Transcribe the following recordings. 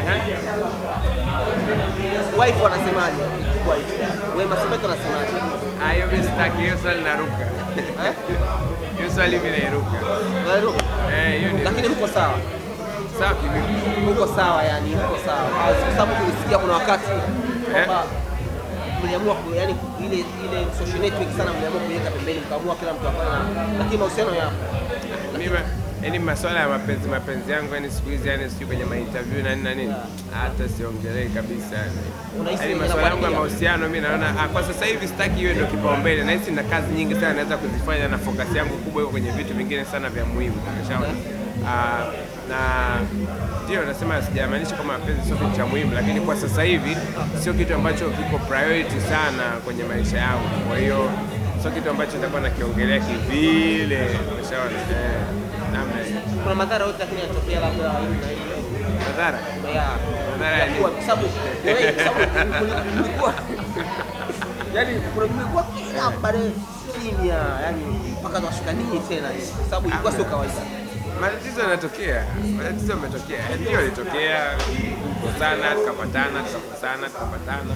Uh-huh. Wife wanasemaje? Kikubwa hicho. Wema Sepetu anasemaje? hiyo ah, mimi sitaki hiyo swali naruka. Hiyo swali mimi nairuka. Nairuka? Eh, hiyo ndio. Eh, Lakini mko sawa. Safi mimi. Mko sawa yani, mko sawa. Ah, kwa sababu tulisikia kuna wakati eh? kwamba mliamua yani ile ile social network sana mliamua kuiweka pembeni mkaamua kila mtu afanye. Lakini mahusiano yapo. Mimi yaani masuala ya mapenzi mapenzi yangu yani siku hizi yani sijui kwenye mainterview na nini na nini hata siongelei kabisa yani. Yaani, yaani masuala yangu ya mahusiano mimi naona ah, kwa sasa hivi sitaki iwe ndio kipaumbele, na hisi na kazi nyingi sana naweza kuzifanya na focus yangu kubwa iko kwenye vitu vingine sana vya muhimu. Umeshaona? ah, na ndio nasema sijamaanisha kama mapenzi sio kitu cha muhimu, lakini kwa sasa hivi sio kitu ambacho kiko priority sana kwenye maisha yangu, kwa hiyo sio kitu ambacho nitakuwa nakiongelea kivile. Umeshaona? Eh kuna madhara yote, lakini yanatokea labda madhara madhara kwa sababu kwa yani kuna kumekuwa kila baadaye kimya, yani mpaka tunashuka nini tena, kwa sababu ilikuwa sio kawaida. Matatizo yanatokea, matatizo yametokea, ndio yalitokea kukosana, tukapatana, tukakosana, tukapatana,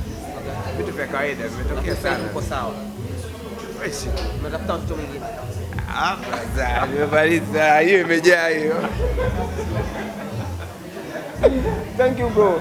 vitu vya kawaida vimetokea sana. Uko sawa, unatafuta mtoto mwingine hiyo imejaa hiyo. Thank you bro.